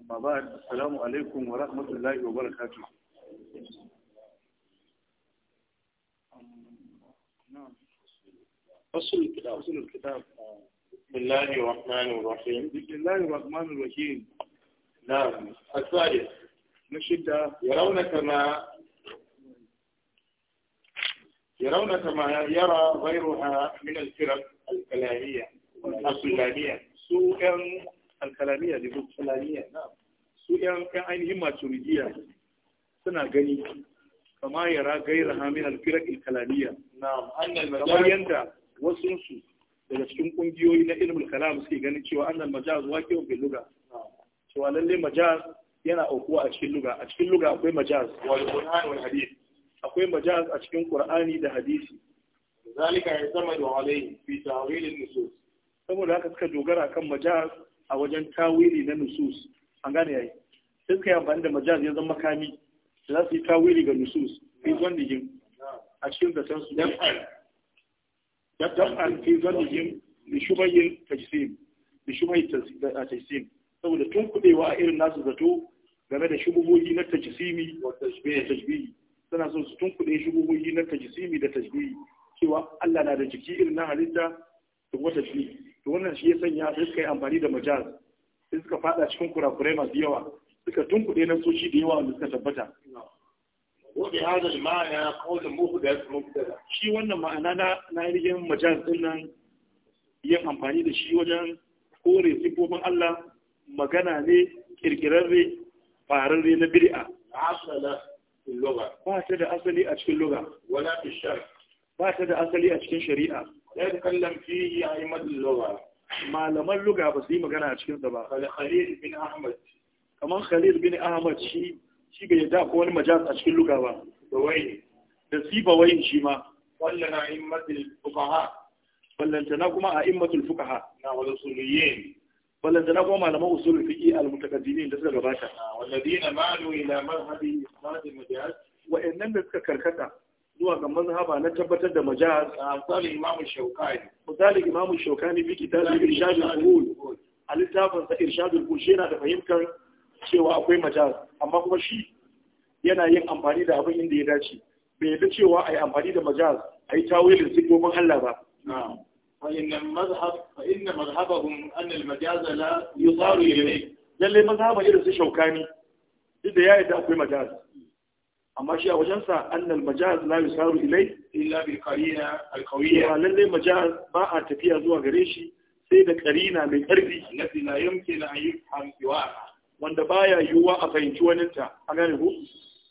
أما بعد السلام عليكم ورحمة الله وبركاته أصل الكتاب أصل الكتاب بسم الله الرحمن الرحيم بسم الله الرحمن الرحيم نعم الثالث نشد يرون كما يرون كما يرى غيرها من الفرق الكلامية al-sulamiya su yan al da su yan ainihin maturidiya suna gani kama yara gaira hamin al-firq kamar yadda wasu su daga cikin ƙungiyoyi na ilmul kalam suke ganin cewa annal majaz wa bil luga. cewa lalle majaz yana aukuwa a cikin luga a cikin luga akwai majaz akwai majaz a cikin ƙur'ani da hadisi zalika da wale fi ta'wil nusus saboda haka suka dogara kan majaz a wajen tawili na nusus an gane yayi sai suka yi amfani da majaz ya zama makami da za su yi tawili ga nusus fi zannihim a cikin zaton su daf'an fi zannihim bi shubayin tajsim bi shubayin tajsim saboda tun kudewa a irin nasu zato game da shubuhohi na tajsimi da tajbihi suna so su tun kuɗe shubuhohi na tajsimi da tajbihi cewa Allah na da jiki irin na halitta da wata jini to wannan shi ya sanya sai suka yi amfani da majaz sai suka fada cikin kurakurai masu yawa suka tunkuɗe na soci da yawa wanda suka tabbata wani hada da ma'ana kawai muku da shi wannan ma'ana na na yin majaz din nan yin amfani da shi wajen kore sifofin Allah magana ne kirkirarre fararre na bid'a ba ta da asali a cikin lugha wala fi shar ba ta da asali a cikin shari'a la yatakallam fihi a'immatul lugha malaman lugha ba su yi magana a cikin sa ba khalil bin ahmad kamar khalil bin ahmad shi shi bai yadda ko wani majas a cikin lugha ba da wai da sifa wayin shi ma wallana a'immatul fuqaha ballantana kuma a'immatul fuqaha na wal usuliyyin ballantana kuma malaman usulul fiqi al-mutaqaddimin da suka gabata walladina malu ila madhhabi isnad al-majas wa'annan da suka karkata zuwa ga mazhaba na tabbatar da majaz a ah, misalin imamu shaukani misalin imamu shaukani fi kitabin irshadul qul a littafin sa irshadul qul shi yana da fahimtar cewa akwai majaz amma kuma shi yana yin amfani da abin inda ya dace bai yarda cewa a yi amfani da majaz a yi tawilin siffofin Allah ba فإن فإن مذهبهم أن المجاز لا يصار إليه. إذا مجاز. amma shi a wajensa annal majaz la yusaru ilai illa bil qarina al qawiyya wa lalle majaz ba a tafiya zuwa gare shi sai da qarina mai karfi allati la yumkin an yufham siwa wanda baya yuwa a fahimci wani ta gane ko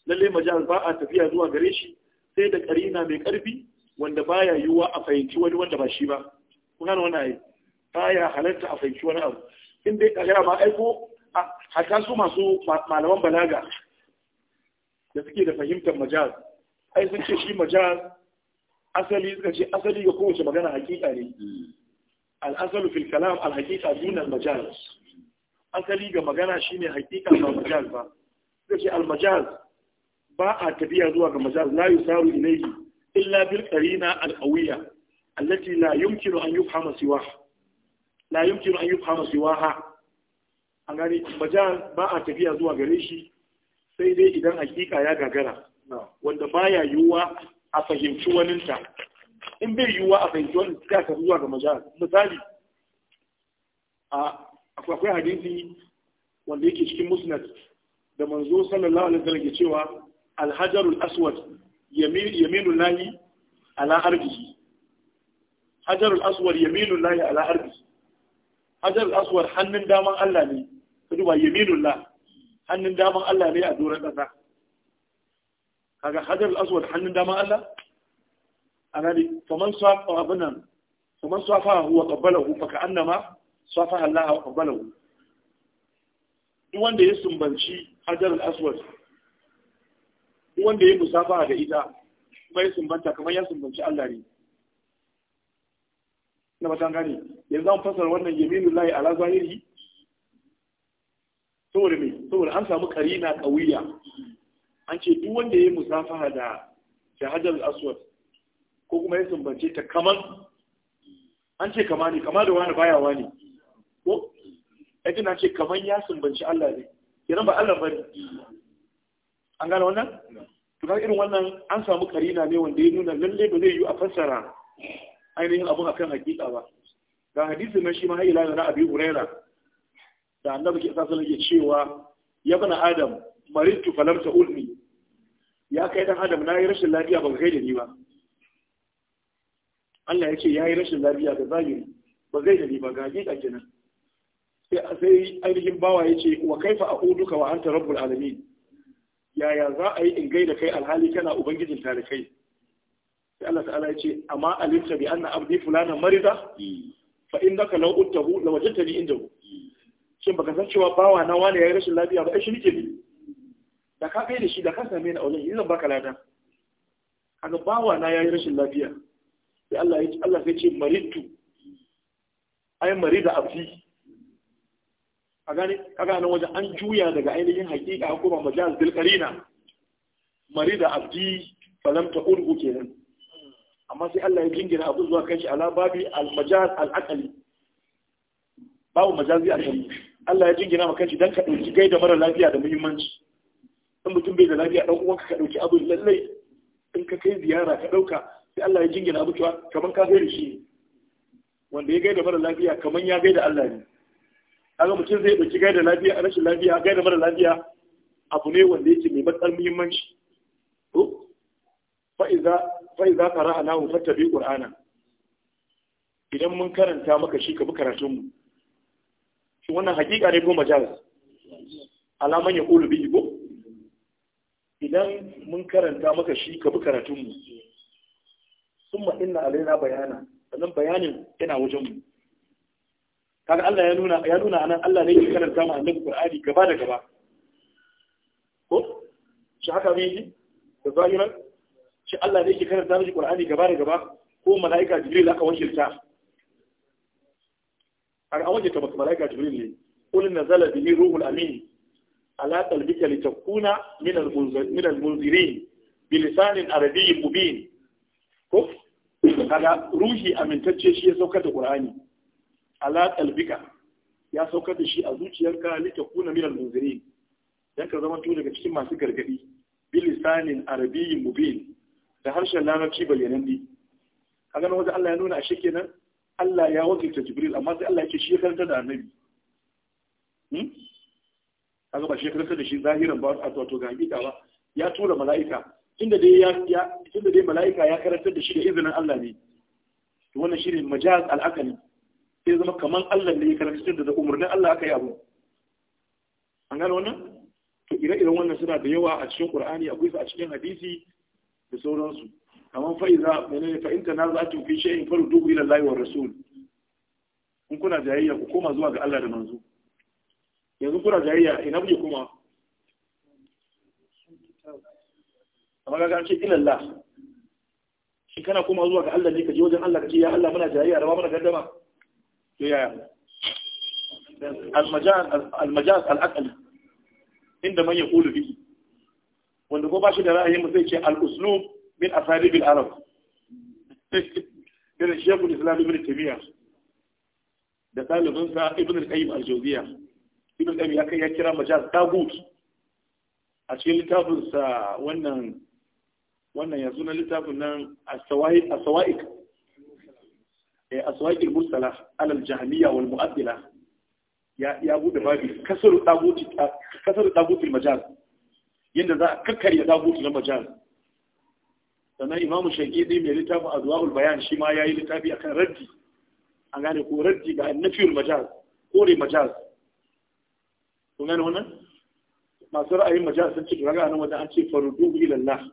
lalle majaz ba a tafiya zuwa gare shi sai da qarina mai karfi wanda baya yuwa a fahimci wani wanda ba shi ba kun gane wannan ai baya halarta a fahimci wani abu in dai kagara ba aiko hatta su masu malaman balaga da suke da fahimtar majaz ai sun ce shi majaz asali suka ce asali ga kowace magana hakika ne al'asalu fil kalam al hakika dun al majaz asali ga magana shine hakika ba majaz ba suka ce al majaz ba a tafiya zuwa ga majaz la yusaru ilayhi illa bil qarina al qawiyya allati la yumkinu an yufhama siwa la yumkinu an yufhama siwaha an gani majaz ba a tafiya zuwa gare shi sai dai idan hakika ya gagara wanda baya yiwuwa a fahimci waninta in bai yiwuwa a fahimci wani suka kafi zuwa ga majal misali a akwai hadisi wanda yake cikin musnad da manzo sallallahu alaihi wasallam ke cewa alhajarul aswad yaminu lahi ala arbihi hajarul aswad yaminu lahi ala arbihi hajarul aswad hannun daman Allah ne ka duba yaminu lahi hannun daman Allah ne a doron ƙasa kaga hajar al'aswad hannun daman Allah a gani Kamar swafa abin nan faman swafa huwa qabbalahu fa ka annama swafa Allah wa qabbalahu duk wanda ya sumbanci hajar al'aswad duk wanda ya musafa da ita kuma ya sumbanta kamar ya sumbanci Allah ne na matan gani yanzu an fasar wannan yaminu lahi ala zahiri saboda mai saboda an samu karina kawiya an ce duk wanda ya yi musafaha da shahadar aswad ko kuma ya sumbance ta kaman an ce kama ne kama da wani baya wani ko ake na ce kaman ya sumbance Allah ne kiran ba Allah bane an gane wannan to irin wannan an samu karina ne wanda ya nuna lalle ba zai yi a fassara ainihin abun akan hakika ba ga hadisi na shi ma har ila na Abi Hurairah da annabi ke sasa nake cewa ya bana adam maritu falam ta ulmi ya kai dan adam na yi rashin lafiya ba kai da ni ba Allah ya ce ya yi rashin lafiya ga zahiri ba zai da ni ba ga hakika kenan sai sai ainihin bawa ya ce wa kaifa a'uduka wa anta rabbul alamin yaya za a yi in gaida kai alhali kana ubangijin tare kai sai Allah ta'ala ya ce amma alinta bi anna abdi fulana marida hmm. fa innaka law uttahu lawajadtani indahu shin baka san cewa bawa na wani yi rashin lafiya ba shi nike bi da ka kai da shi da ka same ni a wajen yanzu baka lada kaga bawa na ya yi rashin lafiya sai Allah ya Allah sai ce maritu ay marida abdi a gane kaga nan wajen an juya daga ainihin haƙiƙa ko ba majaz bil qarina marida abdi falam taqulu kenan amma sai Allah ya jingina abu zuwa shi ala babi al majaz al aqli babu majazi al aqli Allah ya jingina maka shi dan ka dauki gaida mara lafiya da muhimmanci in mutum bai da lafiya dan uwan ka dauki abu lallai in ka kai ziyara ka dauka sai Allah ya jingina abu cewa kaman ka fere da shi wanda ya gaida mara lafiya kaman ya gaida Allah ne kaga mutum zai dauki gaida lafiya a rashin lafiya gaida mara lafiya abu ne wanda yake mai matsar muhimmanci to fa iza fa iza qara'nahu fattabi qur'ana idan mun karanta maka shi ka bi karatun mu shi wannan hakika ne ko majaz alaman ya ƙulu bi ko idan mun karanta maka shi ka bi karatunmu sun na alaina bayana sannan bayanin yana wajenmu kaga Allah ya nuna ya nuna anan Allah ne ke karanta mu annabi Qur'ani gaba da gaba ko shi haka ne yi da zahiran shi Allah ne ke karanta miki Qur'ani gaba da gaba ko mala'ika Jibril aka wakilta an waje ta baka malaika jibril ne qul nazala bihi ruhul amin ala qalbika takuna min al-munzirin bi lisanin arabi mubin ko kaga ruhi amintacce shi ya saukar da qur'ani ala qalbika ya saukar da shi a zuciyarka takuna min al-munzirin dan ka zama tuni daga cikin masu gargadi bi lisanin arabi mubin da harshen larabci bayyananne kaga na wajen Allah ya nuna a shi kenan Allah ya wakilta Jibril amma sai Allah ya ce shi ya karanta da annabi hmm? kaga ba shi ya karanta da shi zahiran ba a wato ga hakika ba ya tura mala'ika inda dai ya inda dai mala'ika ya karanta da shi da izinin Allah ne to wannan shine majaz al-aqli sai zama kaman Allah ne ya karanta da umurnin Allah aka yi abu an gano wannan to ire-iren wannan suna da yawa a cikin Qur'ani akwai su a cikin hadisi da sauransu kamar fa'iza menene na za nazatu fi shay'in faru ila Allah wa rasul in kuna jayayya ku koma zuwa ga Allah da manzo yanzu kuna jayayya ina kuke kuma amma ga ce ila Allah shi kana koma zuwa ga Allah ne ka je wajen Allah ka ce ya Allah muna jayayya raba mana gaddama to yaya al al'akali inda man Kulu bihi wanda ko ba shi da ra'ayin mu zai ce al-uslub min asalibil arab irin shekul islam ibn taymiya da ɗalibinsa ibn al-qayyim al-jawziya ibn al-qayyim ya kai ya kira majaz tagut a cikin littafinsa wannan wannan yanzu na littafin nan as-sawa'iq as-sawa'iq eh as-sawa'iq al-mursala ala al-jahmiyya wal mu'addila ya ya bude babi kasar tagut kasar tagut al-majaz yanda za a kakkarya tagut na majaz sannan imamu shaƙiɗi mai littafin azwahul bayan shi ma ya yi littafi akan raddi an gane ko raddi ga nafiyul majaz kore majaz kun gane wannan masu ra'ayin majaz sun ce kaga nan wajen an ce faruduhu ila Allah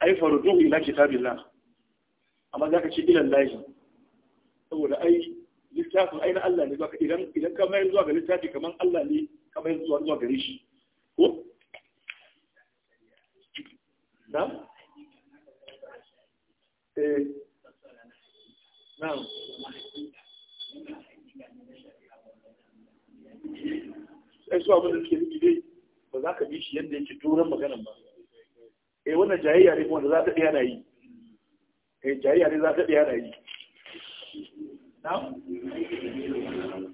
ai faruduhu ila kitabillah amma zaka ce ila Allah saboda ai littafin ai na Allah ne zaka idan idan ka mai zuwa ga littafi kaman Allah ne ka mai zuwa zuwa gare shi ko na eh sai su abin da suke dai ba za ka bi shi yadda yake turan maganan ba eh wannan jayayya ne kuma da za ta ɗaya na yi eh jayayya za ta ɗaya na yi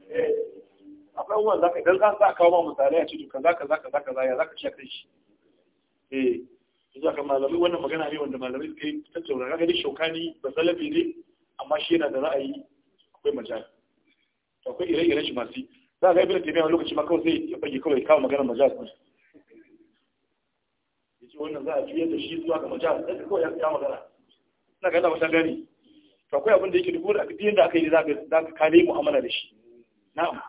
eh, akwai abubuwan za ka idan za a kawo ma misalai a cikin kaza kaza kaza kaza ya za ka shi ka kai shi eh zuwa ga malamai wannan magana ne wanda malamai suka yi tattauna kaga dai shokani ba salafi ne amma shi yana da ra'ayi akwai majal akwai ire-iren shi masu za ga ibn tabi'a lokaci ma kawai sai ya fage kawai kawo magana majal ne yace wannan za a juyar da shi zuwa ga majal sai kawai ya kawo magana ina ga da wata gani to akwai abin da yake duk wanda duk yanda aka yi za ka za kare mu'amala da shi na'am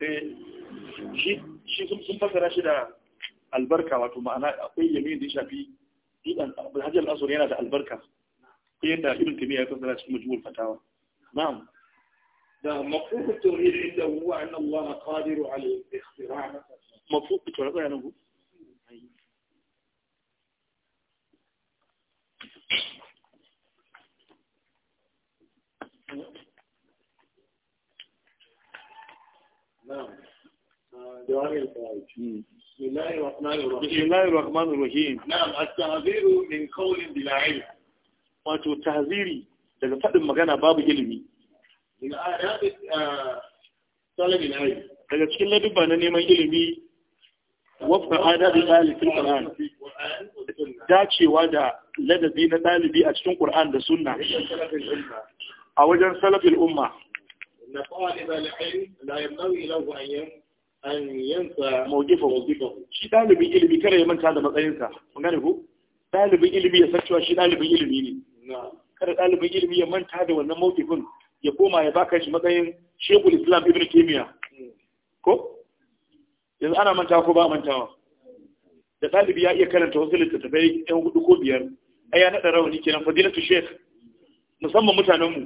eh shi sun fassara shi da albarka wato ma'ana akwai yamin da ya shafi ibn hajjal asur yana da albarka yadda ibn taymiya ya fassara cikin majmu'ul fatawa na'am ده مفهوم التوحيد عنده هو أن الله قادر على الاختراع مفهوم التوحيد يعني هو نعم Bismillahir Rahmanir Rahim. daga faɗin magana babu ilimi. Daga cikin ladubba na neman ilimi wafka adabin ɗalibin Qur'an. Dacewa da ladabi na ɗalibi a cikin Qur'an da Sunna. A wajen salafin umma. Na la an an yansa mawqifa mawqifa shi dalibin ilimi kare ya manta da matsayinsa mun gane ku. dalibin ilimi ya san shi dalibin ilimi ne kada dalibin ilimi ya manta da wannan mawqifin ya koma ya baka shi matsayin shekul Islam Ibn kimiya hmm. ko yanzu ana manta ko ba mantawa da ɗalibi ya iya karanta wasu littattafai yan hudu ko biyar ai ya naɗa rauni, kenan fadilatu shek. musamman mutanenmu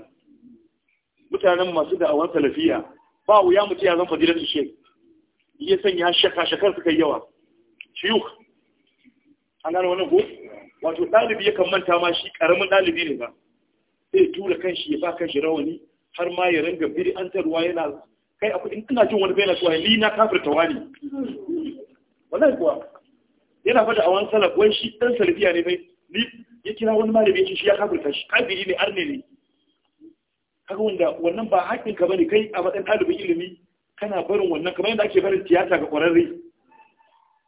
mutanen masu da'awar salafiya ba wuya ce ya zan fadilatu sheikh ya sanya shaka-shakar suka yi yawa shiyuk an gano wani ko wato ɗalibi kan manta ma shi ƙaramin ɗalibi ne ba sai tura kanshi ya ba kanshi rawani har ma ya ranga biri an tarwa yana kai akwai kudin ina jin wani bayanatuwa ya ni na kafirta wani wallahi kuwa yana fada a wani salaf wai shi dan salafiya ne bai ni ya kira wani malami ya ce shi ya kafirta shi kafiri ne arne ne kaga wanda wannan ba haƙƙin ka ne kai a matsayin ɗalibin ilimi kana barin wannan kamar yadda ake barin tiyata ga ƙwararre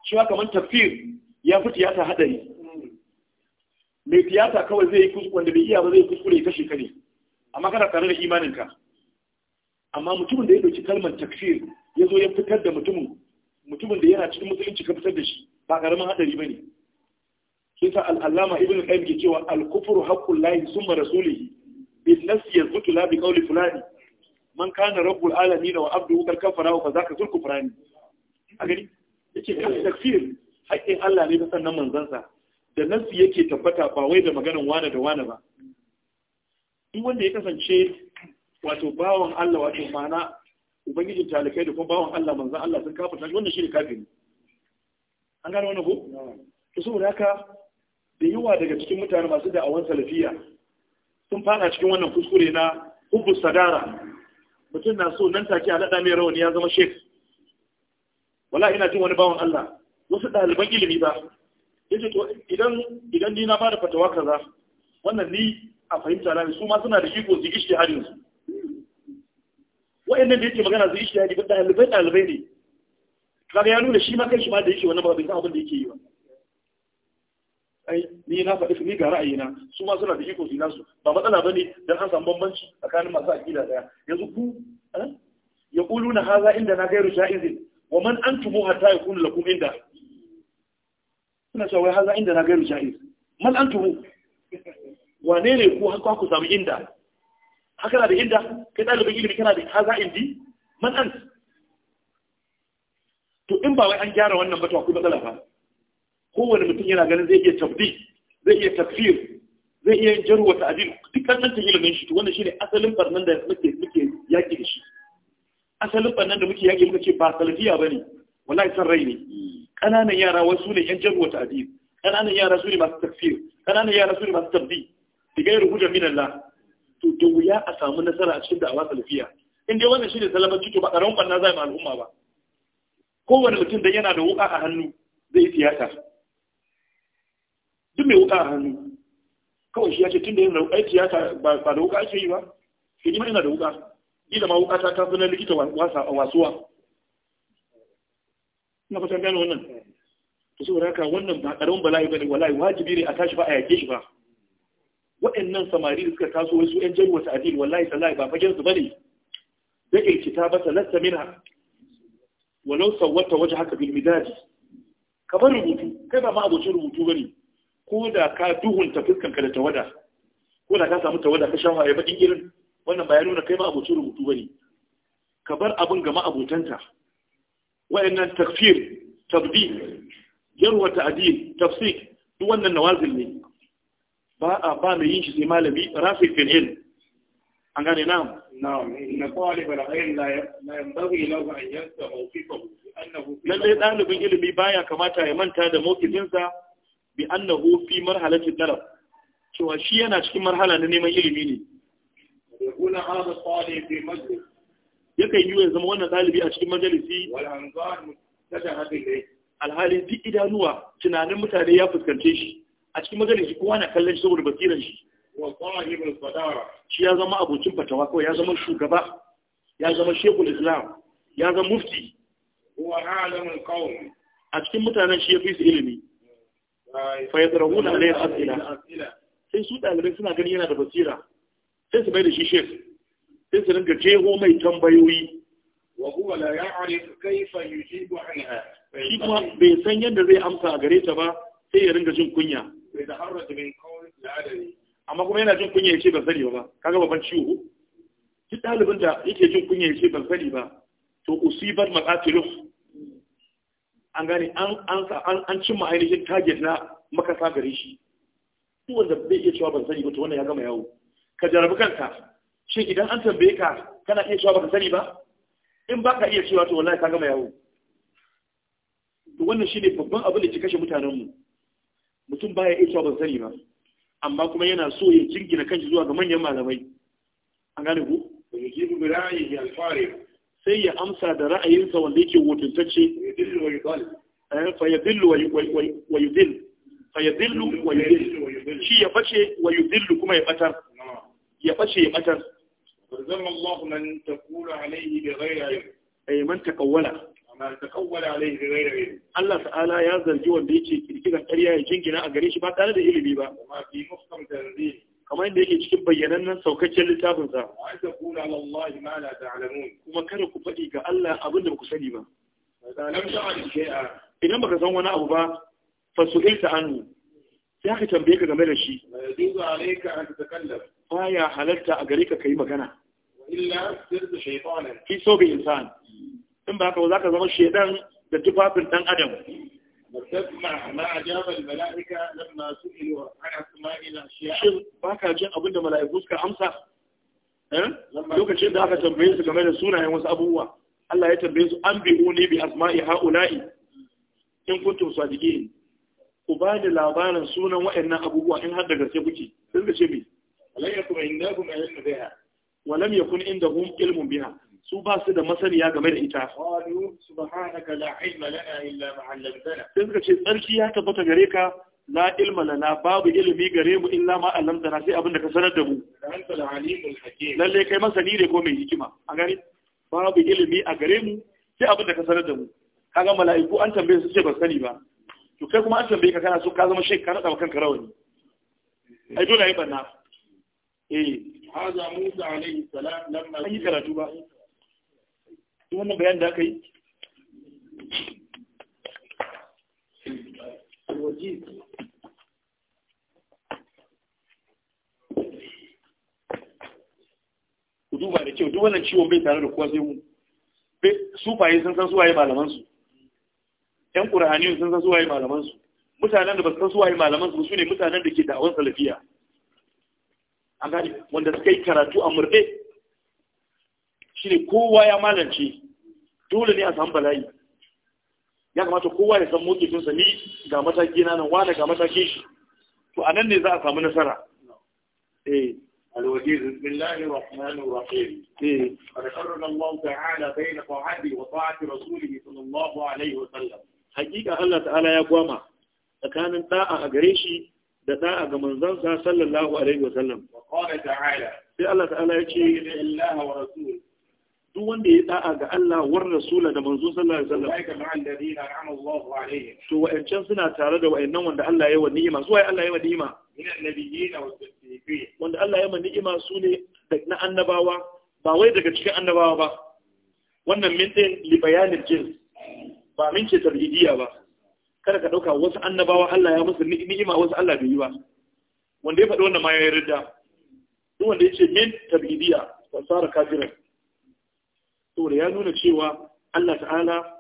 shi wa kamar tafiyar ya fi tiyata haɗari mai tiyata kawai zai yi kuskure wanda bai iya ba zai kuskure ya kashe ka ne amma kana tare da imaninka amma mutumin da ya ɗauki kalmar tafiyar ya zo ya fitar da mutumin mutumin da yana cikin musulunci ka fitar da shi ba ƙaramin haɗari ba ne shi sa al'allama ibn qayyim ke cewa al kufur haƙƙun lahi summa rasulihi bin nafsi yazbutu la bi qawli fulani man kana rabbul alamin wa abduhu kal kafara wa ka zulku furani a gani yace takfir haƙƙin Allah ne da sannan manzansa da nasu yake tabbata ba wai da maganar wane da wane ba in wanda ya kasance wato bawan Allah wato mana ubangiji talakai da kuma bawon Allah manzan Allah sun kafa tashi wannan shine kafiri an gane wannan ko to saboda haka da yawa daga cikin mutane masu da'awan salafiya sun fara cikin wannan kuskure na hubbu sadara mutum na so nan take a naɗa mai rawani ya zama shek wala ina jin wani bawan Allah wasu ɗaliban ilimi ba ya ce to idan idan ni na ba da fatawa kaza wannan ni a fahimta na su ma suna da iko su ishi harin su wa'annan da yake magana su ishi hari ba ɗalibai ɗalibai ne kaga ya nuna shi ma kai shi ma da yake wannan ba abin da yake yi ba ai ni na faɗi ni ga ra'ayina su ma suna da iko su nasu ba matsala bane dan an samu bambanci tsakanin masu aqida daya yanzu ku eh? ya na haza inda na gairu sha'izin wa man antumu hatta yakunu lakum inda suna cewa haza inda na gairu sha'iz man antumu wane ne ku haka ku samu inda haka na da inda kai ɗalibin ilimi kana da haza indi man an to in ba wai an gyara wannan ba to akwai matsala ba kowane mutum yana ganin zai iya tabdi zai iya tafiyar, zai iya jarwa ta adil duk kasan ta ilimin shi wannan shine asalin barnan da muke muke yaki da shi asalin barnan da muke yaki muka ce ba salafiya ne, wallahi san rai ne Ƙananan yara wasu ne yan jarwa ta adil Ƙananan yara su ne masu tafiyar. Ƙananan yara su ne masu tabdi diga ya rubuta min Allah to da wuya a samu nasara a cikin da'awa salafiya in dai wannan shine salaman ciki ba karamin barna zai ma al'umma ba kowane mutum da yana da wuka a hannu zai yi tiyata duk mai wuka a hannu kawai shi ya ce tunda yana aiki ya ba da wuka ake yi ba ke nima yana da wuka ila ma wuka ta tafi na likita wasuwa na fasar gano wannan ta saboda haka wannan ba karamin bala'i bane wallahi wajibi ne a tashi ba a yake shi ba waɗannan samari da suka taso wasu ƴan jari wasu adil wallahi tallahi ba fagen su bane dake kitaba lasta mina walau waje haka bil midad kamar rubutu kai ba ma abocin rubutu ba ne. ko da ka duhunta fuskanka da tawada ko da ka samu tawada ka shawaye ya baƙin irin wannan ba ya nuna kai ma abocin rubutu bane ka bar abin ga ma'abotanta wayannan takfir tabdi yarwa ta'dil tafsik duk wannan nawazil ne ba a ba mai yin shi sai malami rafi fil ilm an gane na na na qali al-ilm la yanbaghi lahu an yansa mawqifahu annahu lalle dalibin ilimi baya kamata ya manta da mawqifinsa bi annahu fi marhalati talab cewa shi yana cikin marhala na neman ilimi ne yakuna hada talib fi majlis yakan yi ya zama wannan talibi a cikin majalisi wal hanzan mutadahadu ilayhi alhali duk idanuwa tunanin mutane ya fuskance shi a cikin majalisi kowa na kallon shi saboda basiran shi shi ya zama abokin fatawa kawai ya zama shugaba ya zama shekul islam ya zama mufti a cikin mutanen shi ya fi su ilimi fa na alayhi asila sai su dalibai suna gani yana da basira sai su bai da shi shek sai su ringa jeho mai tambayoyi shi kuma bai san yadda zai amsa a gare ta ba sai ya ringa jin kunya amma kuma yana jin kunya yace ban sani ba kaga baban ciwo duk dalibin da yake jin kunya yace ban sani ba to usibat maqatiluh an gane an cimma ainihin target na makasa gare shi duk wanda bai iya cewa ban sani ba to wannan ya gama yawo ka jarabi kanka shi idan an tambaye ka kana iya cewa baka sani ba in ba ka iya cewa to wallahi ka gama yawo to wannan shine babban abin da ke kashe mutanen mu mutum baya iya cewa ban sani ba amma kuma yana so ya jingina kanshi zuwa ga manyan malamai an gane ku da yajibu bi ra'yihi al-farid sai ya amsa da ra'ayinsa wanda yake wutantacce eh, fa wa yudil fa wa yudil shi ya bace wa yudillu kuma ya batar ya bace ya batar zama Allah man taqulu alayhi bi ghayri ay eh, man taqawwala man taqawwala alayhi bi ghayri ya zargi wanda yake kirkiran ƙarya ya gina a gare shi ba tare da ilimi ba ma kamar yadda yake cikin bayyanannen saukakken littafin sa kuma kada ku faɗi ga Allah abin da ba ku sani ba idan baka san wani abu ba fa su'ilta hannu. sai aka tambaye ka game da shi baya halarta a gare ka kai magana fi so insan in ba ka ba ka zama shaidan da tufafin dan adam وتسمع ما أجاب الملائكة لما سئلوا عن أسماء الأشياء باكا جن أبن دا ملائكة سكا أمسا lokacin da aka tambaye su game da sunayen wasu abubuwa Allah ya tambayi su an bi'u ne bi asma'i ha'ula'i in kuntum sadiqin ku ba da labarin sunan waɗannan abubuwa in har da gaske kuke sun ga ce me walam yakun ilmun su ba su da masaniya game da ita qalu subhanaka la ilma lana illa ma 'allamtana sai suka ce tsarki ya tabbata gare ka la ilma lana babu ilimi gare mu illa ma 'allamtana sai abin da ka sanar da mu lalle kai masani ne ko mai hikima a gani babu ilimi a gare mu sai abin da ka sanar da mu kaga mala'iku an tambaye su ce ba sani ba to kai kuma an tambaye ka kana so ka zama shek ka rada kanka rawani ai dole ai banna eh haza musa alaihi salam lamma an yi karatu ba duk wannan bayan da aka yi duba da kyau duk wannan ciwon bai tare da kuwa sai mu sufaye sun san suwaye malamansu yan ƙur'aniyun sun san suwaye malamansu mutanen da ba su san suwaye malamansu su ne mutanen da ke da'awar salafiya an gani wanda suka yi karatu a murɗe shi ne kowa ya malance dole ne a san bala'i ya kamata kowa ya san motsifinsa ni ga mataki na nan wane ga mataki shi to a nan ne za a samu nasara eh. eh. Haƙiƙa Allah ta'ala ya gwama tsakanin ɗa’a a gare shi da ɗa’a ga manzansa sallallahu Alaihi wasallam. Sai Allah ta'ala ya ce, duk wanda ya da'a ga Allah war rasula da manzo sallallahu alaihi wasallam to wa'ancan suna tare da wa'annan wanda Allah ya wa ni'ima zuwa Allah ya yi wa ni'ima wanda Allah ya wa ni'ima su ne na annabawa ba wai daga cikin annabawa ba wannan min din li bayanil jins ba min ce tarbiyya ba kada ka dauka wasu annabawa Allah ya musu ni'ima wasu Allah bai yi ba wanda ya faɗi wannan ma ya yarda duk wanda ya ce min tarbiyya fasara kafirin saboda ya nuna cewa Allah ta'ala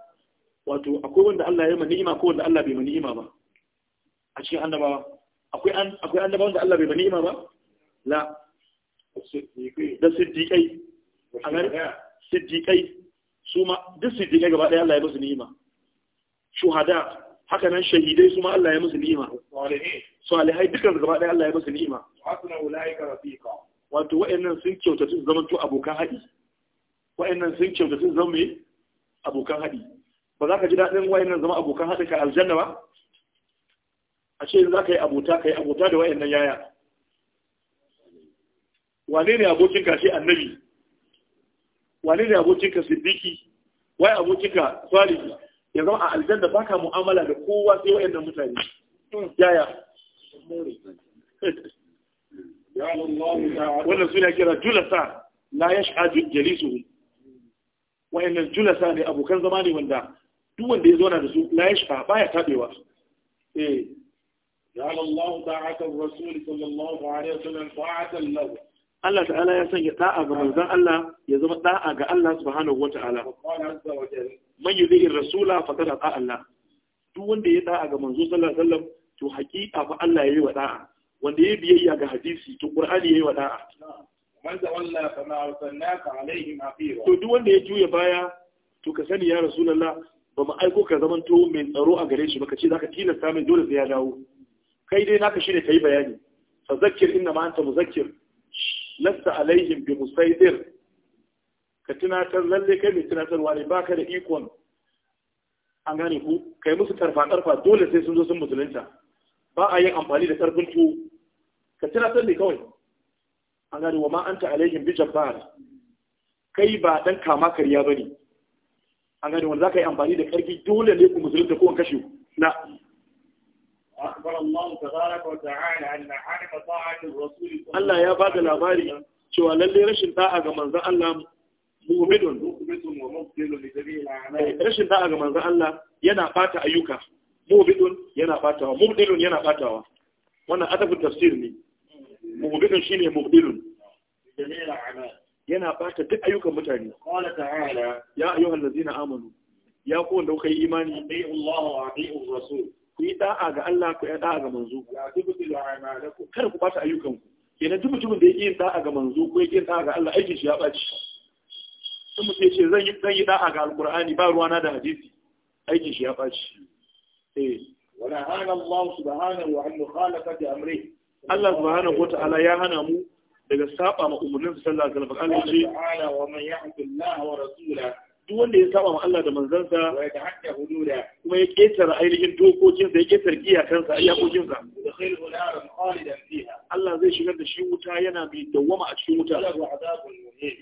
wato akwai wanda Allah ya mani'ima ko wanda Allah bai mani'ima ba a cikin annabawa akwai annaba wanda Allah bai mani'ima ba la da siddiƙai. a gani siddiqai su ma duk siddiqai gaba ɗaya Allah ya musu ni'ima shuhada haka nan shahidai su ma Allah ya musu ni'ima salihai dukkan gaba ɗaya Allah ya musu ni'ima wato wa'annan sun kyautatu zaman to abokan haɗi wa'annan sun kyauta sun zama abokan haɗi ba za ka ji daɗin wa'annan zama abokan haɗi ka aljanna ba a ce za ka yi abota ka yi abota da wa'annan yaya wane ne abokinka ce annabi wane ne abokinka siddiki wai abokinka salihi ya zama a aljanna baka mu'amala da kowa sai wa'annan mutane yaya wannan suna kira julasa la yashhadu jalisuhum wa'annan julasa ne abokan zama ne wanda duk wanda ya zauna da su na la yashfa baya tabewa eh ja'ala Allah ta'ata ar-rasul sallallahu alaihi wasallam ta'atan lahu Allah ta'ala ya sanya ta'a ga manzon Allah ya zama ta'a ga Allah subhanahu wata'ala man yudhi'ir rasula faqad ata'a Allah duk wanda ya ta'a ga manzo sallallahu alaihi wasallam to haƙiƙa fa Allah ya yi wa ta'a wanda ya biyayya ga hadisi to Qur'ani yi wa ta'a. man tawalla fa ma arsalnaka alaihim hafiza to duk wanda ya juya baya to ka sani ya rasulullah ba mu aiko ka zaman to mai tsaro a gare shi ba ka ce zaka tilasta mai dole sai ya dawo kai dai naka shine kai bayani fa zakkir inna ma anta muzakkir lasta alaihim bi musaidir ka tunatar lalle kai mai tunatarwa ne baka da ikon an gane ku kai musu tarfa tarfa dole sai sun zo sun musulunta ba a yin amfani da tarfin tuwo ka tunatar ne kawai an gane wa ma anta alaihim bi jabbar kai ba dan kama kariya bane an gane wanda zaka yi amfani da karfi dole ne ku musulunta ko an kashe ku na Allah ya bada labari cewa lalle rashin da'a ga manzon Allah mu'minun eh, rashin da'a ga manzon Allah yana fata ayyuka mu'minun yana batawa mu'minun yana batawa wannan adabu tafsir ne mubidin shi ne mubidin yana bata duk ayyukan mutane ya ayyuhan lazina amanu ya ku wanda kuka yi imani ku yi da'a ga Allah ku yi da'a ga manzo kada ku bata ayyukan ku kenan duk mutumin da ya yin da'a ga manzo ko ya yin da'a ga Allah aikin shi ya baci sun mutum ce zan yi zan yi da'a ga alqur'ani ba ruwana da hadisi aikin shi ya baci eh wala hana Allah subhanahu wa ta'ala khalaqati amrihi Allah subhanahu wata'ala ya hana mu daga saba ma umarnin sallallahu alaihi wasallam Allah ce wa man wa rasula duk wanda ya saba ma Allah da manzansa kuma ya ketara ainihin dokokin sa ya ketara iyakansa iyakokin sa Allah zai shigar da shi wuta yana mai dawama a cikin wuta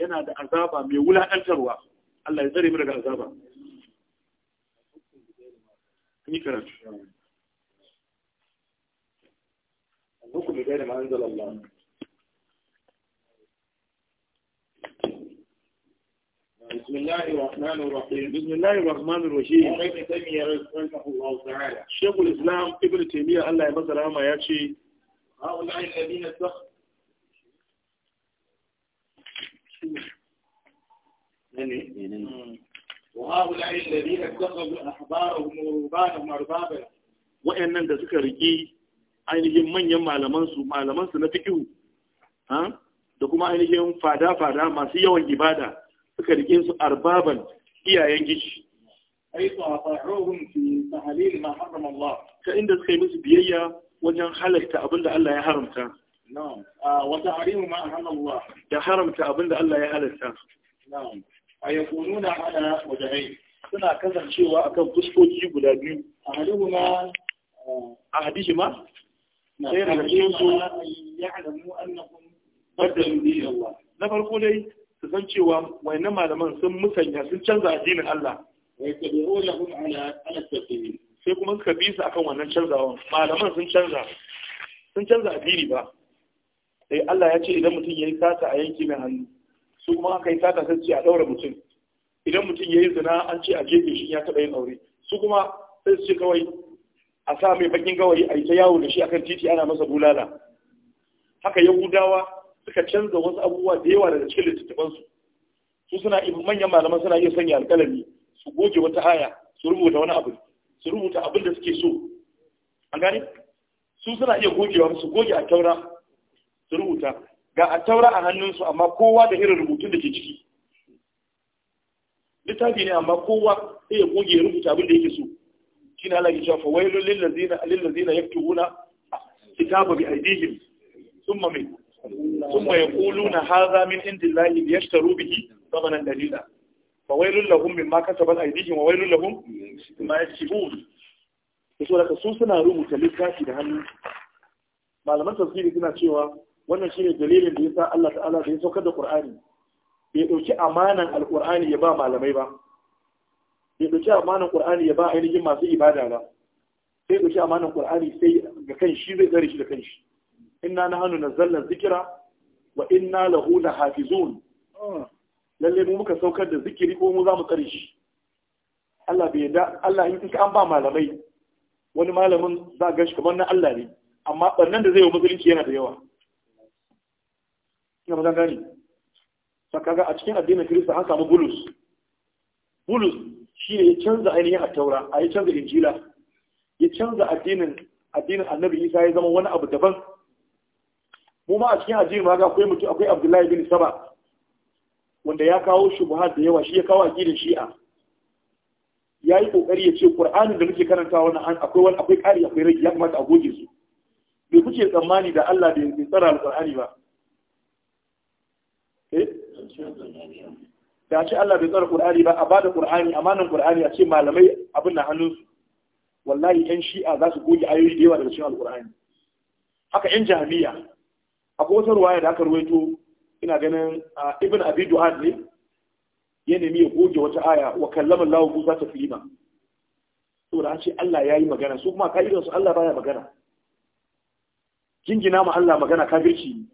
yana da azaba mai wulakantarwa Allah ya tsare mu daga azaba ni karatu حكم غير ما أنزل الله بسم الله الرحمن الرحيم بسم الله الرحمن الرحيم ابن تيمية رحمه الله تعالى شيخ الإسلام ابن تيمية الله يبصر أما يأتي هؤلاء الذين سخ يعني- يعني- وهؤلاء الذين اتخذوا أحبارهم وربانهم أربابا وإن أنت ذكر ainihin manyan malamansu malamansu na fikihu da kuma ainihin fada-fada masu yawan ibada suka rike su arbaban iyayen gishi ta inda suka yi musu biyayya wajen halarta abinda Allah ya haramta da haramta abinda Allah ya halarta a yakununa ala wajahai suna kasancewa akan fuskoki guda biyu a hadihuma a hadihima sai daga cikin su na farko dai su san cewa wayannan malaman sun musanya sun canza addinin Allah sai kuma suka bi su akan wannan canzawan malaman sun canza sun canza addini ba sai Allah ya ce idan mutum ya yi sata a yanki mai hannu su kuma aka yi sata sai ce a ɗaura mutum idan mutum ya yi zina an ce a jefe shi ya taɓa yin aure su kuma sai su ce kawai a sa mai bakin gawayi a yi ta yawo da shi akan titi ana masa bulala haka yahudawa suka canza wasu abubuwa da yawa daga cikin littattafansu su suna manyan malaman suna iya sanya alƙalami su goge wata haya, su rubuta wani abu su rubuta abin da suke so an gane su suna iya gogewa su goge a taura su rubuta ga a taura a hannunsu amma kowa da irin rubutun da ke ciki littafi ne amma kowa sai ya goge ya rubuta abin da yake so shine Allah ya ce fa wailul lil ladina lil ladina yaktubuna kitaba bi aydihim thumma min thumma yaquluna hadha min indillahi zamanin bihi Ba wai fa min ma mimma kasabat aydihim wai wailul Ma ya ci to da su suna rubuta littafi da hannu malaman tafsiri suna cewa wannan shi ne dalilin da ya sa Allah ta'ala da ya saukar da ƙur'ani. bai ɗauki amanan alqur'ani ya ba malamai ba sai ɗauki amanan ƙur'ani ya ba ainihin masu ibada ba sai ɗauki amanan ƙur'ani sai ga kan shi zai tsare shi da kan shi ina na hannu na zallar zikira wa ina lahu na hafizun lalle mu muka saukar da zikiri ko mu za mu tsare shi Allah bai yadda Allah in ka an ba malamai wani malamin za ga shi kamar na Allah ne amma ɓannan da zai yi musulunci yana da yawa ina mazan gani sakaga a cikin addinin kirista an samu bulus bulus shi ne ya canza ainihin a taura a ya canza injila ya canza addinin addinin annabi isa ya zama wani abu daban mu ma a cikin addinin ma ga akwai mutu akwai abdullahi bin saba wanda ya kawo shubuhat da yawa shi ya kawo addinin shi'a ya yi kokari ya ce qur'anin da muke karanta an akwai wani akwai kari akwai rage ya kamata a goge su bai kuke tsammani da Allah bai tsara alqur'ani ba eh? da ce Allah bai tsara Qur'ani ba a bada Qur'ani amanan Qur'ani a ce malamai abin na hannunsu wallahi yan shi'a za su goge ayoyi da yawa daga cikin Al-Qur'ani haka yan jahiliya akwai wata ruwaya da aka ruwaito ina ganin ibn abi Duhad ne ya nemi ya goge wata aya wa kallama Allah Musa taklima to an ce Allah ya yi magana su kuma ka'idansu Allah baya magana jingina ma Allah magana kafirci ne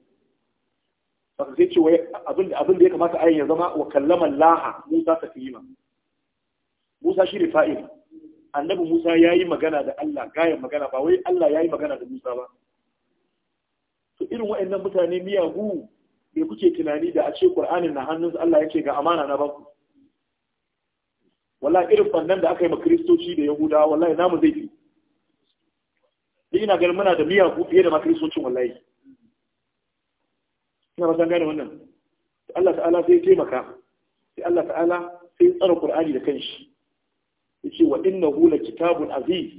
wato sai ce abin da ya kamata ayin ya zama wa kallaman laha musa ta fi musa shi ne fa'il annabi musa ya yi magana da allah gayan magana ba wai allah ya yi magana da musa ba to irin wa'annan mutane miyagu ne kuke tunani da a ce ƙur'anin na hannunsu allah ya ce ga amana na banku? wallahi irin fannan da aka yi ma kiristoci da yahudawa wallahi namu zai fi ina ganin muna da miyagu fiye da ma kiristocin wallahi ina ba san gane wannan Allah ta'ala sai ya taimaka sai Allah ta'ala sai ya tsara Qur'ani da kanshi yace wa innahu la kitabun aziz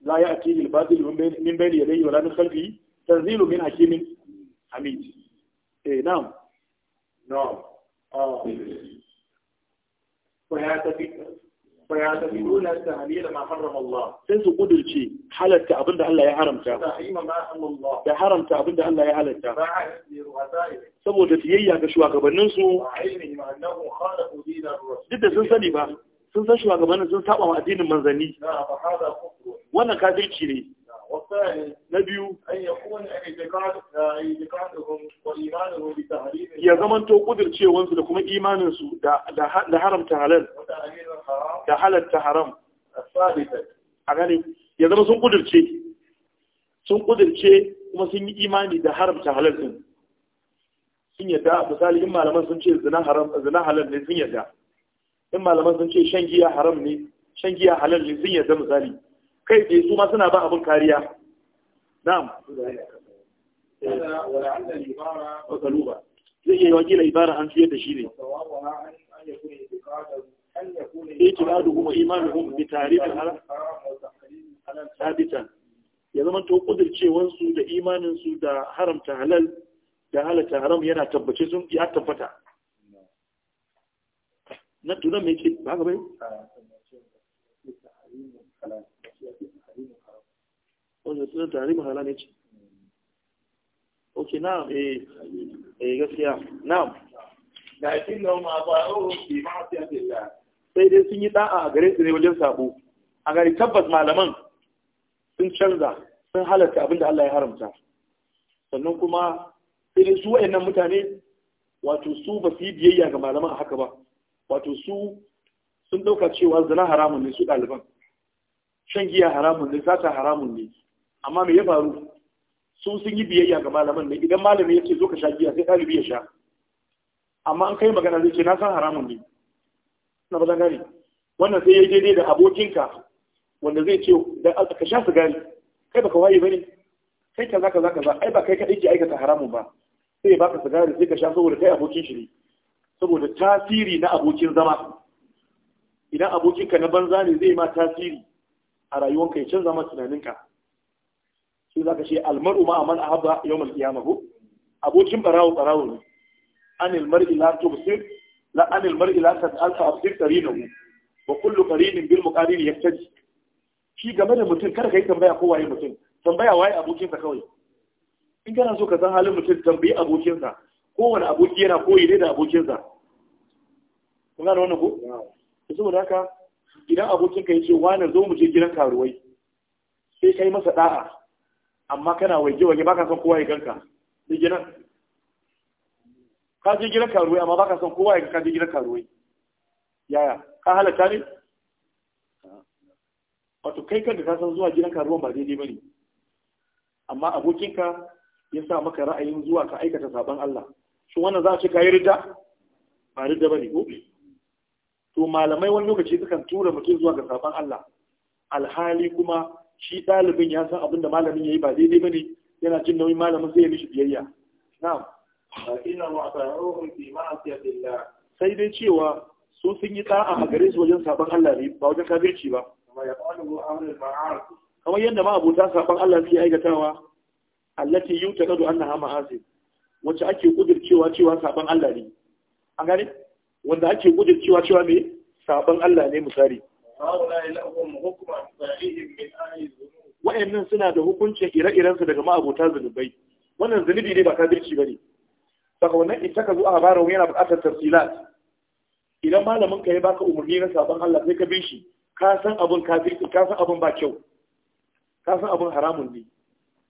la ya'ti bil batil min bayni yadayhi wa la min khalfihi tanzilu min hakimin hamid eh na'am na'am ah ko ya tafi فيعتبرون تحليل ما حرم الله سنسو قدرتي حلت أبند الله يا حرمت تحريم ما حرم الله يا حرمت أبند الله يا حلت سبو تفيي يا شوا غبننسو علمهم أنه خالفوا دين الرسول جدا سنسني با sun san shugabannin sun saba wa addinin manzanni wannan kafirci ne na biyu ya zamanto kudircewansu da kuma imaninsu da haramta halal da halatta haram a gani ya zama sun kudirce sun kudirce kuma sun yi imani da haramta halal din sun yadda misali in malaman sun ce zina halal ne sun yadda in malaman sun ce shan giya haram ne shan giya halal ne sun yadda misali kai tsaye su ma suna ba abin kariya na'am zai iya wakila ibara an fiye da shi ne kuma imanin imanuhum bi tarihin halal sabitan ya zama to kudircewan su da imanin su da haramta halal da halatta haram yana tabbace sun ya tabbata na tunan me ke ba ga bai wanda su tarihin halal ne ce ok Na. eh eh gaskiya na'am da kin da ma ba ruhu oh, bi ma'asiyatillah sai dai sun yi da'a a gare su ne wajen sabo a gari tabbas malaman sun canza sun halatta abinda Allah ya haramta sannan kuma sai dai su wayannan mutane wato su ba su yi biyayya ga malaman a haka ba wato su sun dauka cewa zina haramun ne su ɗaliban shan giya haramun ne sata haramun ne amma me ya faru sun sun yi biyayya ga malaman ne idan malami yake zo ka sha giya sai ɗalibi ya sha amma an kai magana zai ce na san haramun ne na bazan gane wannan sai ya daidai da abokinka wanda zai ce da ka sha sigari kai baka waye bane kai kaza kaza kaza ai ba kai kaɗai ke aikata haramun ba sai ya baka sigari sai ka sha saboda kai abokin shi ne saboda tasiri na abokin zama idan abokinka na banza ne zai ma tasiri a rayuwanka ya canza zama tunaninka za ka ce almaru ma man ahabba mai iya mahu abokin barawo barawo ne anil mar'i la tubsir la anil mar'i la tas'al fa absir qarinahu wa kullu qarinin bil muqarin yaktaji shi game da mutum kar ka yi tambaya ko waye mutum tambaya waye abokinsa kawai in kana so ka san halin mutum tambayi abokinsa kowane aboki yana koyi ne da abokinsa Ku gane wannan ko saboda haka idan abokinka ya ce wani zo mu je gidan karuwai sai kai masa da'a amma kana waje waje baka son kowa ya ganka ni gidan ka je gidan karuwai amma baka son kowa ya ganka je gidan karuwai yaya ka halatta ne wato kai kanka ka san zuwa gidan karuwan ba daidai bane amma abokinka ya sa maka ra'ayin zuwa ka aikata saban Allah shin wannan za a ce ka yi rida ba rida bane ko to malamai wani lokaci sukan tura mutum zuwa ga sabon Allah alhali kuma shi ɗalibin ya san abin da malamin ya yi ba daidai ba ne yana jin nauyin malamin zai yi mishi biyayya na'am ina ma'ataruhum fi ma'asiyatillah sai dai cewa su sun yi da'a a gare su wajen sabon Allah ne ba wajen kafirci ba kamar yadda ma abota sabon Allah suke aikatawa allati yutaqadu annaha ma'asi wacce ake kudircewa cewa sabon Allah ne an gane wanda ake gudun cewa cewa mai saban Allah ne misali wa'annan suna da hukuncin ire-irensu daga ma'abota zunubai wannan zunubi ne ba kafirci ba ne saka wannan in taka zo a habarin yana buƙatar tafsilat idan malamin ka ya baka umarni na saban Allah sai ka bin shi ka san abin kafirci ka san abin ba kyau ka san abin haramun ne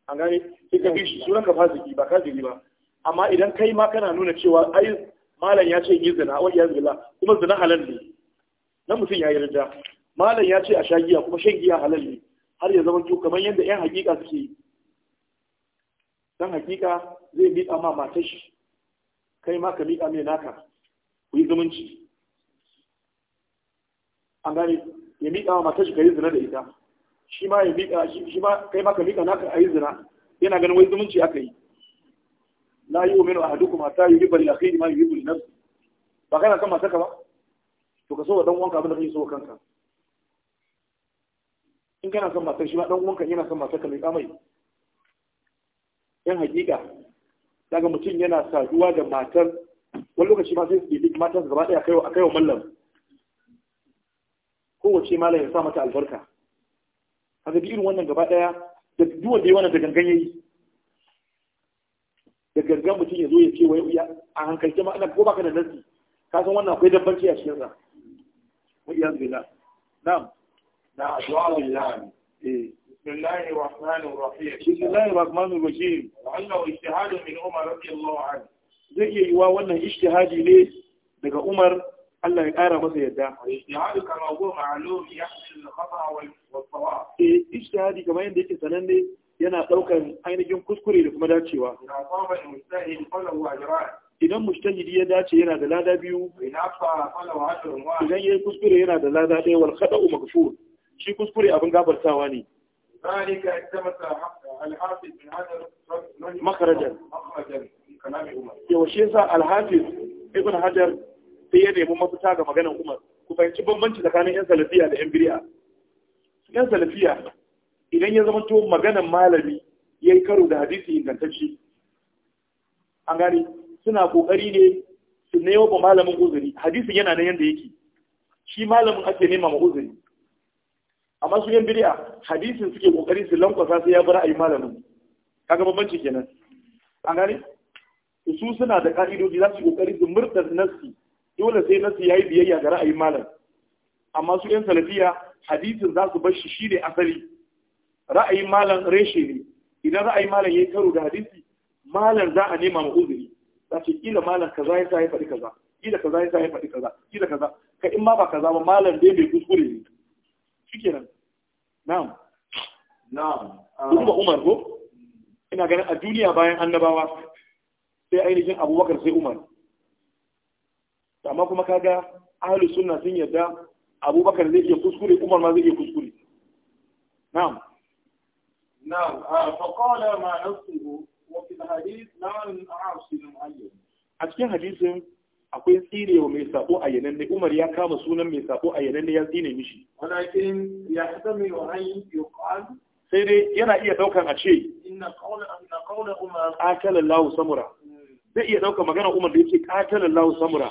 an gane sai ka bin shi sunan ka fasiki ba kafiri ba amma idan kai ma kana nuna cewa ai malam ya ce yi zina wa ya zina. kuma zina halal ne na mutum ya yarda malam ya ce a sha giya kuma shan giya halal ne har ya zama kamar yadda yan hakika suke dan hakika zai miƙa ma matar shi kai ma ka miƙa mai naka ku yi zumunci an gane ya miƙa ma matar shi ka yi zina da ita shi ma ya miƙa shi ma kai ma ka miƙa naka a yi zina yana ganin wai zumunci aka yi la yu'minu ahadukum hatta yuhibba li akhihi ma yuhibbu li nafsihi ba kana kan matarka ba to ka so wa dan uwanka abin da kake so kanka in kana son matar shi ma dan uwanka yana son matarka mai kamai yan hakika daga mutum yana saduwa da matar wani lokaci ma sai su bibi matar gaba daya a kai wa mallam kowace malam ya sa mata albarka kaga irin wannan gaba daya da duk wanda ya wannan da gangan yayi da gangan mutum ya zo ya ce wai ya a hankalce ma ko baka da nasi ka san wannan akwai dabbanci a cikin sa wa iyaz billah na'am na addu'a billah eh bismillahir rahmanir rahim bismillahir rahmanir rahim wallahu ijtihadu min umar radiyallahu anhu zai iya yiwa wannan ijtihadi ne daga umar Allah ya ƙara masa yadda. Ijtihadi kama huwa ma'lum yahmil al-khata wal sawab. Eh ijtihadi kamar yadda yake sananne yana ɗaukar ainihin kuskure da kuma dacewa idan mujtahidi ya dace yana da lada biyu idan ya kuskure yana da lada ɗaya wal khata'u maghfur shi kuskure abin gabartawa ne makarajan yawa shi yasa alhafiz ibn hajar sai ya nemi mafita ga maganar umar ku fahimci bambanci tsakanin yan salafiya da yan biriya. yan salafiya idan ya zama to maganan malami ya yi karo da hadisi ingantacce an gani suna kokari ne su nemo ba malamin uzuri hadisin yana nan yadda yake shi malamin ake nema ma uzuri amma su yan bid'a hadisin suke kokari su lankwasa sai ya bi ra'ayin malamin kaga bambanci kenan an gani su suna da ka'idoji za su kokari su murta nasi dole sai nasi yayi biyayya ga ra'ayin malam amma su yan salafiya hadisin za su bar shi ne asali ra'ayin malam reshe ne idan ra'ayin malam ya yi karo da hadisi malam za a nema ma uzuri za ce kila malam kaza ya sa ya faɗi kaza kila kaza ya sa ya faɗi kaza kila kaza ka in ma ba kaza ba malam dai bai kuskure ne nan na'am na'am kuma umar ko ina ganin a duniya bayan annabawa sai ainihin abubakar sai umar amma kuma kaga ahlus sunna sun yarda abubakar zai iya kuskure umar ma zai iya kuskure na'am نعم فقال ما نفسه وفي الحديث حديث akwai tsire wa mai sabo a yananne umar ya kama sunan mai sabo a yananne ya tsine mishi walakin ya hada mai wa yuqal sai dai yana iya daukan a ce inna qawla inna qawla umar Allah samura zai iya daukan magana umar da yake qatala Allah samura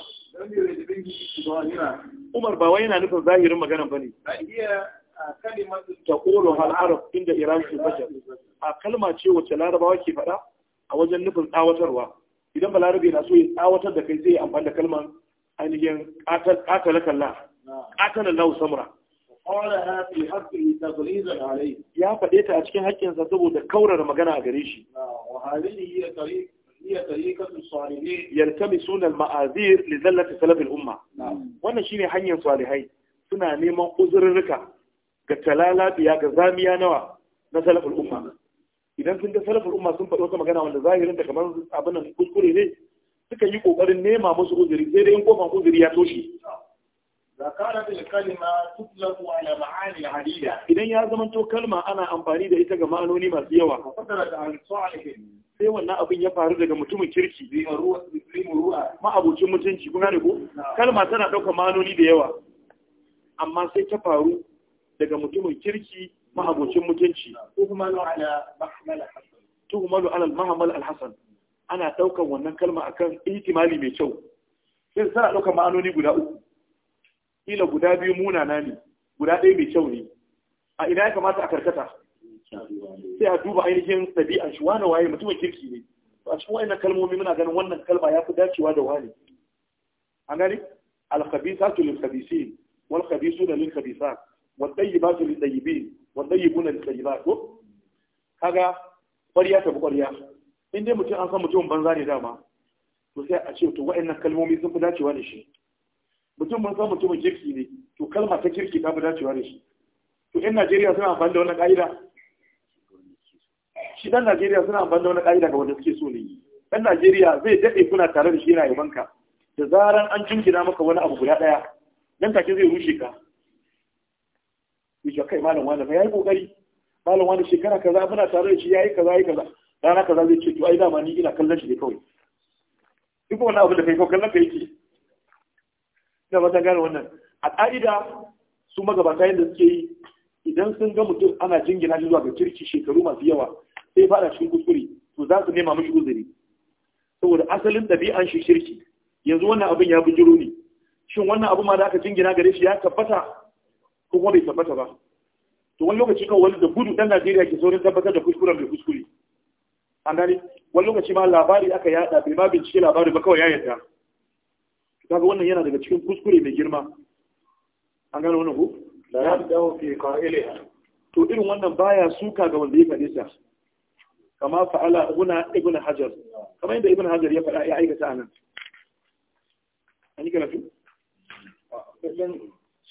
umar ba wai yana nufin zahirin magana bane iya taqulu hal arab inda iran fi bashar a kalma ce wacce larabawa ke faɗa a wajen nufin tsawatarwa idan balarabe na so ya tsawatar da kai zai amfani da kalmar ainihin qatala kallah qatala samra ya faɗe ta a cikin haƙƙinsa saboda kaurar magana a gare shi yaltamisuna sunan maazir li Salafin umma wannan shine hanyar salihai suna neman uzurruka ga talalabiya ga zamiya nawa na salafin umma idan sun ga salafin umma sun faɗi wata magana wanda zahirin da kamar abin nan kuskure ne suka yi ƙoƙarin nema musu uzuri sai dai in kofan uzuri ya toshe idan ya zama to kalma ana amfani da ita ga ma'anoni masu yawa sai wannan abin ya faru daga mutumin kirki ma'abocin mutunci kun gane ko kalma tana ɗaukar ma'anoni da yawa amma sai ta faru daga mutumin kirki mahabocin mutunci tuhmalu ala mahamal Alhassan. ana ɗaukar wannan kalma akan ihtimali mai kyau sai tana ɗaukar ma'anoni guda uku ila guda biyu munana ne guda ɗaya mai kyau ne a ina ya kamata a karkata sai a duba ainihin ɗabi'an shi wane waye mutumin kirki ne a cikin wa'annan kalmomi muna ganin wannan kalma ya fi dacewa da wane an gani alkhabisatu lil khabisin wal khabisuna lil khabisat والطيبات للطيبين والطيبون للطيبات ko kaga ƙwarya ta ƙwarya in dai mutum an san mutum banza ne dama to sai a ce to wa'annan kalmomi sun fi dacewa da shi mutum ban san mutumin kirki ne to kalma ta kirki ta fi dacewa da shi to yan Najeriya suna amfani da wannan ƙa'ida shi dan Najeriya suna amfani da wannan ƙa'ida ga wanda suke so ne dan Najeriya zai daɗe kuna tare da shi yana yabanka da zaran an jingina maka wani abu guda ɗaya nan take zai rushe ka ya kai malam wani fa yi kokari malam wani shekara kaza muna tare da shi ya yayi kaza yayi kaza rana kaza zai ce to ai dama ni ina kallon shi ne kawai duk wani abu da kai ko kallon ka yake ina ba ta gane wannan a ƙa'ida su magabata yadda suke yi idan sun ga mutum ana jingina shi zuwa ga kirki shekaru masu yawa sai fara cikin kuskure to za su nema mashi uzuri saboda asalin ɗabi'an shi shirki yanzu wannan abin ya bujiro ne shin wannan abu ma da aka jingina gare shi ya tabbata ko kuma bai tabbata ba to wani lokaci kan wani da gudu dan Najeriya ke saurin tabbatar da kuskuren da kuskure an gani wani lokaci ma labari aka yada bai ma bincike labari ba kawai ya yarda kaga wannan yana daga cikin kuskure mai girma an gani wannan ku la ya dawo fi qa'iliha to irin wannan baya suka ga wanda ya faɗi sa kama fa'ala guna ibn hajar kama yadda ibn hajar ya faɗa ya aikata anan an yi karatu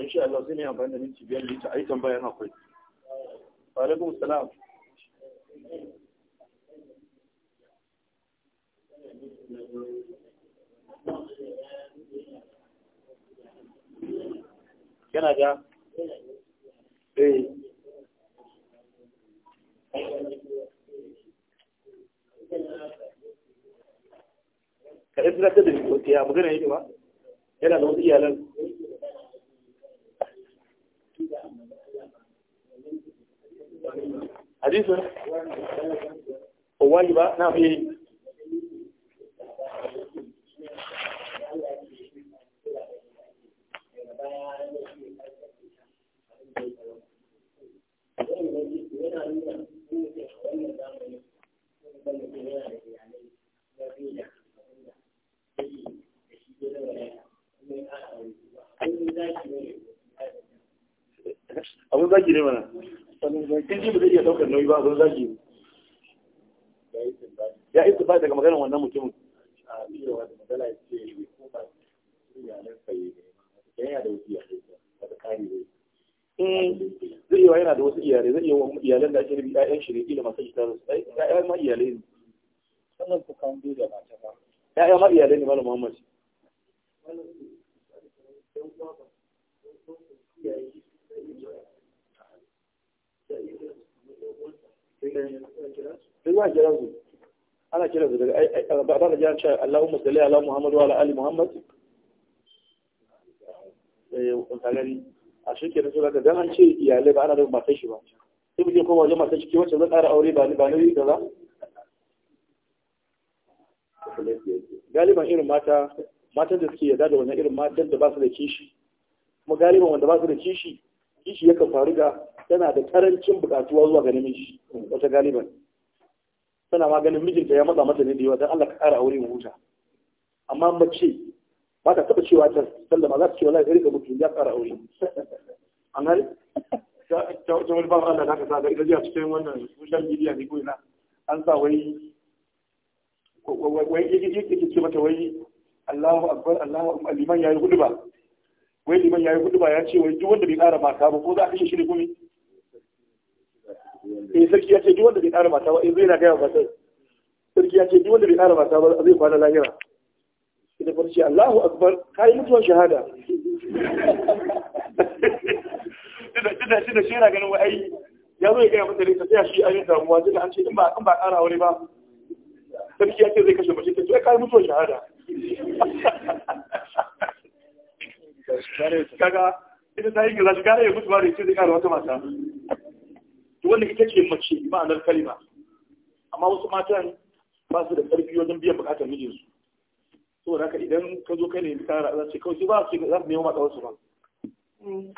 in sha Allah sai ne amfani da minti biyar lita ai tambayan akwai wa alaikum salam yana da eh ka ɗin zira ta da ya magana yi ba yana da wasu iyalan hadisin uwayi ba na fi eh. abin zaki mana kirji zai iya ba ya isa ba daga maganar wannan mutumin zai yi wa yana da wasu iyalai zai yi wa iyalan da ake nufi ƴaƴan shiriki da masu jita su ƴaƴan ma iyalai ne sannan ku kan biyu da mata ba ƴaƴan ma iyalai ne malam Muhammad ba kira su ana kira su daga ba ta jiran cewa Allahumma salli ala Muhammad wa ala ali Muhammad eh kagari a shirke da su daga dan an ce iyalai ba ana da matan shi ba sai mu je kuma wajen matan shi ke wacce zan ƙara aure ba ni ba ni kaza galiban irin mata matan da suke yarda da wannan irin matan da ba su da kishi kuma galiban wanda ba su da kishi kishi yakan faru ga yana da karancin bukatuwa zuwa ga namiji wata galiban tana ma ganin mijinta ya matsa mata ne da yawa don Allah ka ƙara aure mu huta amma mace ba ta taɓa cewa ta sallama za ta ce wallahi sai ka mutu ya ƙara aure an gani ta wani babu Allah zaka sa ga ita a cikin wannan social media ne ko ina an sa wai wai yake ce mata wai Allahu akbar Allahu akbar liman yayi hudu ba wai liman yayi hudu ba ya ce wai duk wanda bai ƙara maka ba ko za a kashe shi ne gumi eh sarki ya ce duk wanda bai mata ba zai gaya wa sarki ya ce duk wanda bai mata ba zai kwana lahira Allahu akbar kai mutuwar shahada tunda tunda shi yana ganin wai ya zo ya gaya mata ta damuwa tunda an ce in ba in ba ƙara ba sarki ya ce zai kashe mace ta ce kai mutuwar shahada kaga ita ta yi gaza shi kare ya mutu ba da ya ce zai ƙara wata mata wannan ita ce mace ma'anar kalima amma wasu matan ba su da ƙarfi wajen biyan buƙatar mijinsu da haka idan ka zo kai ne tara za ce kawai ba su za su nemo matsawar su ba mm.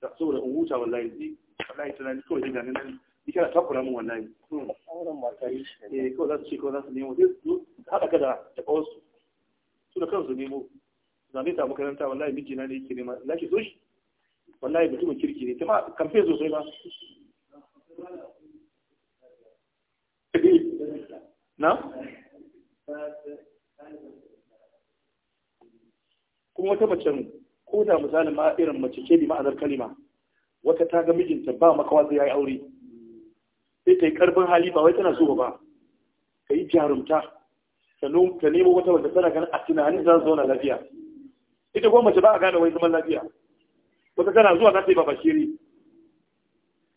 saboda in huta wallahi zai wallahi tunani kawai zai gani nan ni kana takura min wallahi mm. eh kawai za su ce kawai za su nemo sai su haɗa ka da da ƙawarsu su da kansu nemo zane ta makaranta wallahi mijina ne yake nema lashi so shi wallahi mutumin kirki ne ta ma kamfe sosai ba na? kuma wata macen ko da mu ma irin mace ce bi ma'anar kalima wata ta ga mijinta ba makawa zai yi aure sai ta yi karfin hali ba wai tana so ba ka yi jarumta ka nemo wata wanda tana ganin a tunanin za zauna lafiya ita kuma mace ba a gane wai zaman lafiya wata tana zuwa za ta yi bashiri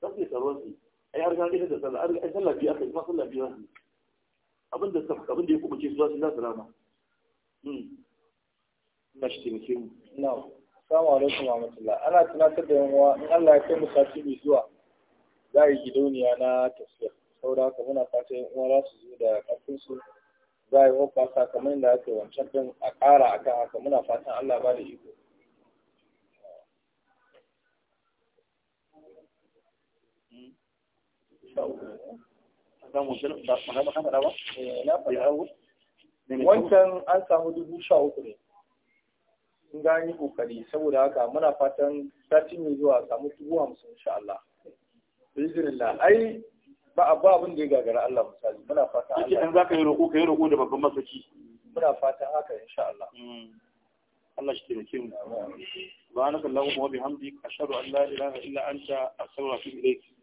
Zafi tsaron su, ai har gani da sallah, ai sallah biyu aka yi, ma sallah biyu aka Abin da abin ya kuma ce su zasu za Na hmm. shi taimake mu. Na, salamu alaikum wa rahmatullah. Ana tunatar da yanwa in Allah ya kai mu sati mai zuwa za a yi gidauniya na tafsir. Saboda haka muna fata yan uwa za su zo da su. za a yi hoppasa kamar da ake wancan din a ƙara a kan haka muna fatan Allah ba da iko. Wancan an samu dubu sha uku ne. Sun gani kokari saboda haka muna fatan sati mai zuwa samu dubu hamsin insha Allah. Bismillah ai ba a ba abin da ya gagara Allah misali muna fata Allah yake in zaka yi roƙo ka yi roƙo da babban masaki muna fata haka insha Allah mm. Allah shi taimake mu subhanakallahumma wa bihamdik ashhadu an la ilaha illa anta astaghfiruka wa atubu ilayk